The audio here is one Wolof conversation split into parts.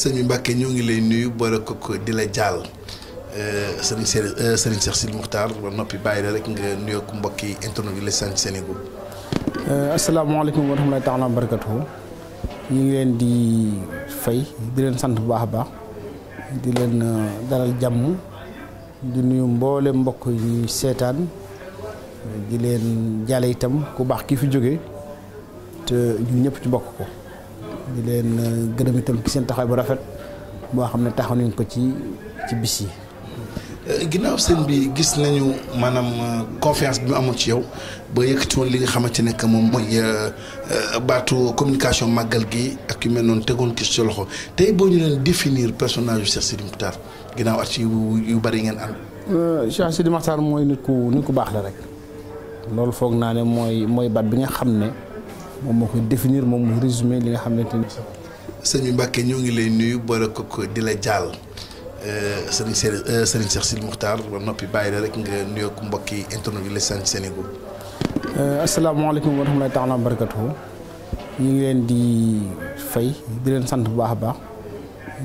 sëñ Mbacke ñoo ngi lay nuyu boole ko di la jàll sëriñ euh, Serigne sëriñ euh, Cheikh Sidi Moukhtar ba noppi bàyyi la rek nga nuyoo ko mbokk yi internet yi la sant Sénégal. Euh, asalaamaaleykum wa rahmatulaahi taala wa barakatuhu ñu ngi leen di fay di sant bu baax a baax di leen dalal jàmm di nuyu mboole mbokk yi seetaan di leen jàlle itam ku baax ki fi jóge te ñun ñëpp ci bokk ko. di leen euh, gërëm itam ci seen taxawaay bu rafet boo xam ne taxaw nañ ko ci ci bis yi. Euh, ginnaaw seen bi gis nañu maanaam euh, confiance bi mu amoon ci yow ba yëkkati woon li nga xamante ne que moom mooy baatu communication màggal gi ak yu mel noonu tegoon ci loxo tey boo ñu leen définir personnage yu Cheikh yu bëri ngeen ànd. Cheikh Sidi Mokhtar mooy nit ku nit ku baax la rek loolu foog naa ne mooy mooy baat bi nga xam ne. moom moo koy définir moom mooy résumé li nga xamante ni. sañu Mbacke ñoo ngi lay nuyu boole ko di la jàll euh, sëriñ euh, sëriñ Cheikh Sil Muxtaar ba noppi bàyyi la rekk nga nuyoo ko mbokk yi internet yi la sant Sénégal. Euh, asalaamaaleykum wa rahmatulaahi taala wa barakatuhu ñu ngi leen di fay di leen sant bu baax a baax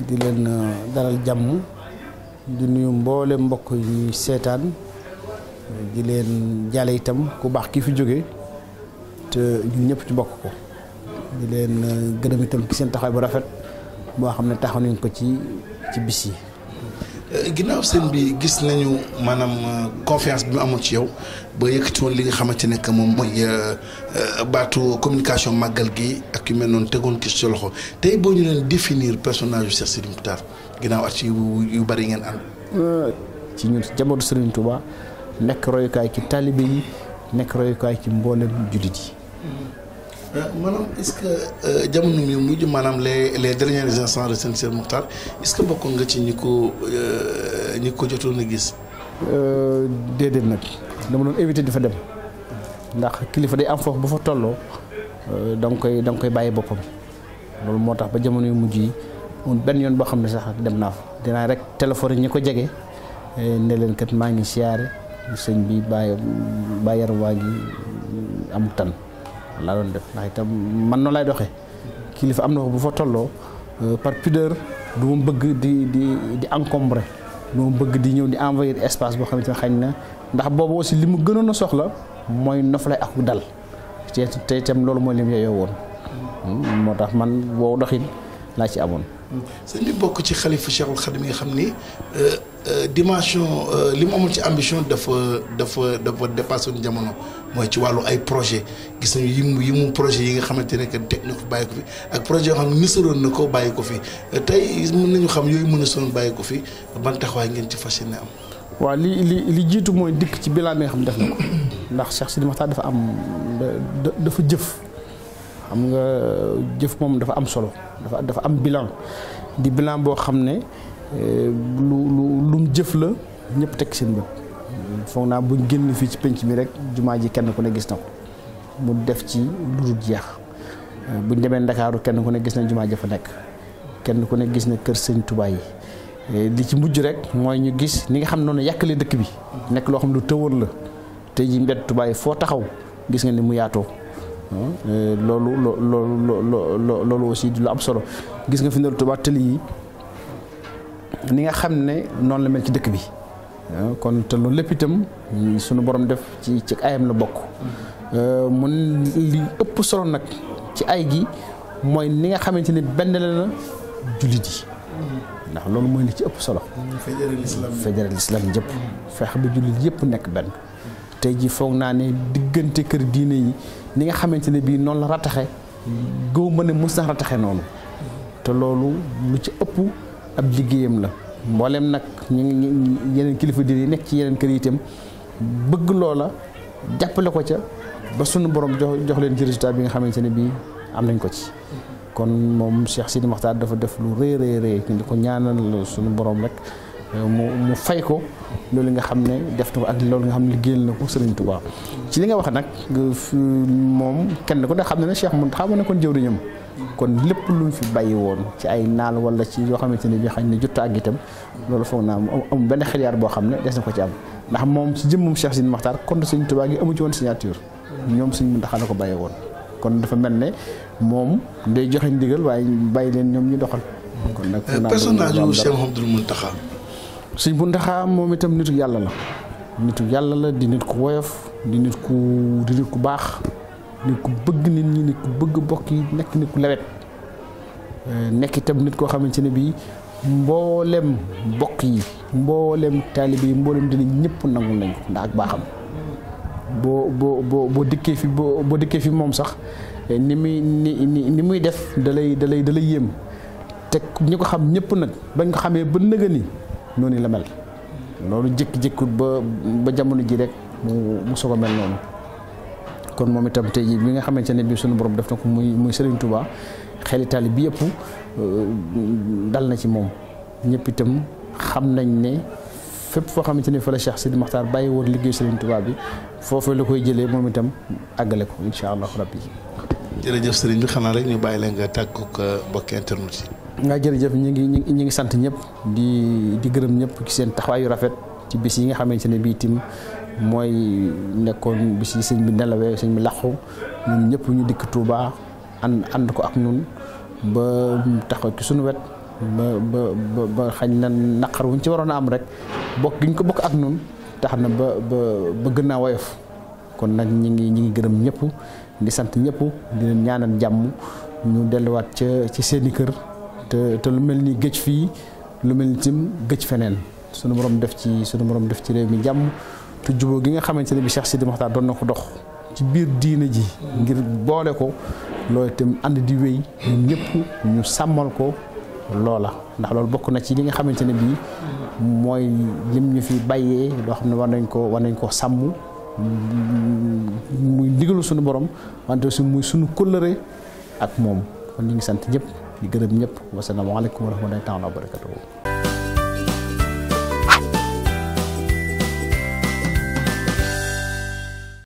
di leen dalal jàmm di nuyu mboole mbokk yi seetaan di leen jàlle itam ku baax kii fi jóge it ñun ñëpp ci bokk ko di leen euh, gërëm itam ci seen taxawaay bu rafet boo xam ne taxaw nañ ko ci ci bis yi. Euh, ginnaaw seen bi gis nañu maanaam euh, confiance bi mu amoon ci yow ba yëkkati woon li nga xamante ne que moom mooy baatu communication màggal gi ak yu mel noonu tegoon ci sa loxo tey boo ñu leen définir personnage yu Cheikh Sidi Moukhtar ginnaaw at yu bari ngeen am. ci ñun jamono Serigne Touba nekk royukaay ci taalibe yi nekk royukaay ci mboolem jullit yi. Euh, maanaam est-ce que euh, jamono mi mujj maanaam les les derniers instants de seen Sëriñ Muxtaar est que bokk nga ci ñi ko euh, ñi ko jotoon a gis. déedéet nag dama doon éviter di fa dem ndax kilifa day am foofu bu fa tolloo da koy da nga koy bàyyi boppam loolu moo tax ba jamono yu mujj yi mun benn yoon boo xam ne sax dem naa fa dinaa rek téléphone ñi ko jege ne leen maa ngi siyaare sëñ bi bàyyi bàyyi yaram waa ngi am tan laa doon def ndax itam man noonu lay doxee kilifa am na bu fa tolloo euh, par pudeur du bëgg di di di encombrer du bëgg di ñëw di envahir espace boo xam ne xañ na ndax boobu aussi li mu gënoon a soxla mooy noflaay ak dal te te itam loolu mooy lim yeyoo woon hmm, moo tax man boobu doxin laa ci amoon. sëñ bi bokk ci xalifa Cheikhul Khadim yi xam ni. Euh, Euh, dimension euh, li mu amul ci ambition dafa dafa dafa dépassé wuñu jamono mooy ci wàllu ay projet gis nañu yi mu yi mu projet yi nga xamante ne que teg na ko bàyyi ko fi ak projet yoo xam ne nisaroon na ko bàyyi ko fi euh, tey mën nañu xam yooyu mën a soon bàyyi fi ban ngeen ci fas yéene am. waaw li li li jiitu mooy dikk ci bilan bi nga xam ne def na ko ndax Cheikh Sidi Makhtar dafa am dafa jëf am nga jëf moom dafa am solo dafa dafa am bilan di bilan boo xam ne. lu lu lum jëf la ñëpp teg seen naa buñ génn fii ci penc mi rek jumaa ji kenn ku ne gis na ko def ci lu jeex buñ demee Ndakaaru kenn ku ne gis na jumaa ja fa nekk kenn ku ne gis na kër sëñ Tuubaa yi li ci mujj rek mooy ñu gis ni nga xam noonu yàqalee dëkk bi nekk loo lu tëwoon la tey ji mbedd Tuubaa yi foo taxaw gis nga ni mu yaatoo loolu loolu loolu aussi du lu am solo gis nga fi ne Tuubaa tëli yi ni nga xam ne noonu la mel ci dëkk bi ah, kon te loolu lépp itam suñu borom def ci ci ayam la bokk ah, mun li ëpp solo nag ci ay gi mooy ni nga xamante ni benn la ndax loolu mooy li ci ëpp solo fédéral islam jëpp feex ba jullit yëpp nekk benn tey jii foog naa ne diggante kër diine yi ni nga xamante ne bii noonu la rattaxe gëw ma ne mës na rattaxe noonu te loolu lu ci ëpp ab liggéeyam la mbooleem nag ñu ngi yeneen kilifa diine yi nekk ci yeneen kër yi itam bëgg loola jàppale ko ca ba sunu borom jox jox leen ci résultat bi nga xamante ne bii am nañ ko ci. kon moom Cheikh Sidi Mokhtar dafa def lu rëy rëy rëy ñu di ko ñaanal sunu borom rek mu mu fay ko loolu nga xam ne def na ko ak loolu nga xam ne liggéeyal na ko Serigne Touba. ci li nga wax nag euh, moom kenn ku ne xam na ne Cheikh Mountakha moo nekkoon jëwriñam kon lépp lu mu fi bàyyi woon ci ay naal wala ci yoo xamante ne bi xañ ne jot ak itam loolu foog naa am benn xilyaar boo xam ne des na ko ci am ndax moom ci jëmmum Cheikh Sine Maxtaar kon Sëñ Tuubaa gi amu ci woon signature ñoom Sëñ Muntaxa la ko bàyyi woon kon dafa mel ne moom day joxe ndigal waaye bàyyi leen ñoom ñu doxal. kon nag euh, personnage wu Cheikh Mouhamadoul Muntaxa. Sëñ Muntaxa moom itam nitu yàlla la nitu yàlla la di nit ku woyof di nit ku di nit ku baax. nit ku bëgg nit ñi nit ku bëgg bokk yi nekk nit ku lewet euh, nekk nit koo xamante ne bii mboolem bokk yi mboolem taalibe yi mboolem dina ñëpp nangu nañ ndax baaxam boo boo boo boo dikkee fi moom sax eh, ni muy ni ni muy def dalay dalay dalay yéem te ñu ko xam ñëpp nag bañ ko xamee ba nëga ni noonu la mel loolu jékki-jékkut ba jamono ji rek mu mu soog a mel noonu kon moom itam tey jii bi nga xamante ne bii suñu borom def na ko muy muy Serigne Touba xeli taali bi yëpp euh, dal na ci moom ñëpp itam xam nañ ne fépp foo xamante ni fa la Cheikh Sidi Makhtar bàyyi woon liggéeyu Serigne bi foofee la koy jëlee moom itam àggale ko incha allahu rabbi. jërëjëf Serigne xanaa rek ñu bàyyi la nga tàggu euh, ko mbokki internet yi. nga jërëjëf ñu ngi ñu ngi sant ñëpp di di gërëm ñëpp ci seen taxawaayu rafet ci bis yi nga xamante ne bii tim mooy nekkoon bi si sëñ bi nelawee sëñ bi làqu ñun ñëpp ñu dikk Touba ànd ànd ko ak ñun ba taxaw ci suñu wet ba ba ba xañ na naqar wuñ ci waroon a am rek bokk gi ñu ko bokk ak ñun tax na ba ba ba gën naa woyof kon nag ñi ngi ñi ngi gërëm ñëpp di sant ñëpp di leen ñaanal jàmm ñu delluwaat ca ci seeni kër te te lu mel ni gëj fii lu mel ni tim gëj feneen sunu borom def ci sunu borom def ci réew mi jàmm te jubóo gi nga xamante ne bi Cheikh Sidi Mokhtar doon na ko dox ci biir diina ji ngir boole ko loolu itam ànd di wéy ñun ñëpp ñu sàmmal ko loola ndax loolu bokk na ci li nga xamante ne bii mooy lim ñu fi bàyyee loo xam ne war nañ ko war nañ ko sàmm muy ndigalu suñu borom wante aussi muy suñu kóllëre ak moom kon ñu ngi sant ñëpp di gërëm ñëpp wasalaamaaleykum wa rahmatullahi taala wa barakatuhu